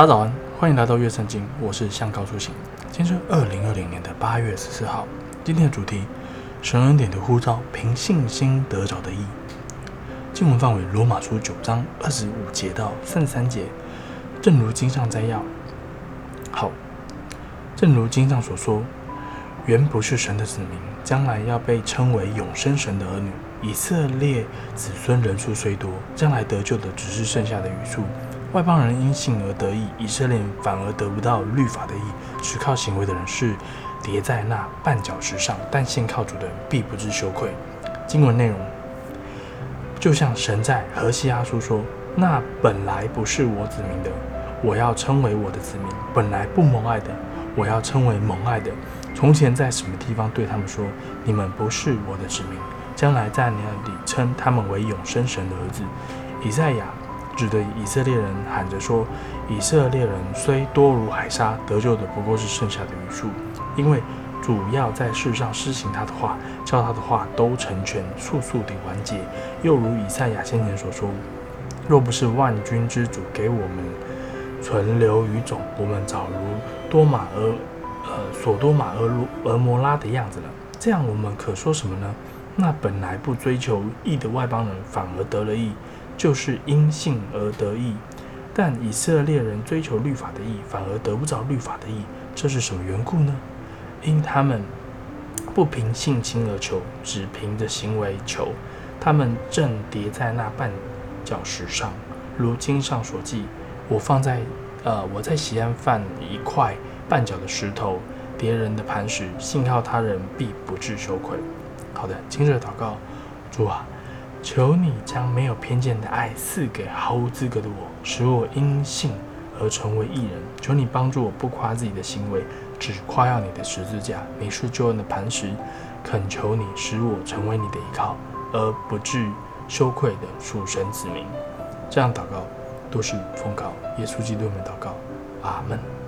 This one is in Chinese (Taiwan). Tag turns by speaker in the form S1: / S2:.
S1: 大家早安，歡迎來到《樂聖經》，我是向高書行。今天是二零二零年的八月十四號，今天的主題：神恩典的呼召，憑信心得着的義。經文範圍：羅馬書九章二十五節到三十三節。正如經上摘要，好，正如經上所說，原不是神的子民，將來要被稱為永生神的兒女。以色列子孫人數雖多，將來得救的只是剩下的餘數。外邦人因信而得義，以色列人反而得不到律法的義。只靠行為的人是跌在那絆腳石上，但信靠主的人必不致羞愧。經文內容就像神在何西阿書說，說：“那本來不是我子民的，我要稱為我的子民；本來不蒙愛的，我要稱為蒙愛的。從前在什麼地方對他們說，你們不是我的子民，將來在那裡稱他們為永生神的兒子。”以賽亞。指着以色列人喊着說：“以色列人雖多如海沙，得救的不過是剩下的餘數。因為主要在世上施行他的話，叫他的話都成全，速速地完結。又如以賽亞先前所說：若不是萬軍之主給我們存留餘種，我們早如多瑪俄、呃，索多瑪俄羅、俄摩拉的樣子了。這樣我們可說什麼呢？那本來不追求義的外邦人，反而得了義。就是因信而得義，但以色列人追求律法的義，反而得不着律法的義。這是什麼緣故呢？因他們不憑性情而求，只憑著行為求。他們正跌在那絆腳石上，如經上所記：我放在，呃，我在錫安放一塊絆腳的石頭，別人的磐石，信靠他人必不致羞愧。好的，今日禱告，主啊。求你將沒有偏見的愛賜給毫無資格的我，使我因信而成為義人。求你幫助我不誇自己的行為，只誇耀你的十字架。你是救恩的磐石，懇求你使我成為你的依靠，而不致羞愧的屬神子民。這樣禱告都是奉告耶穌基督的禱告，阿門。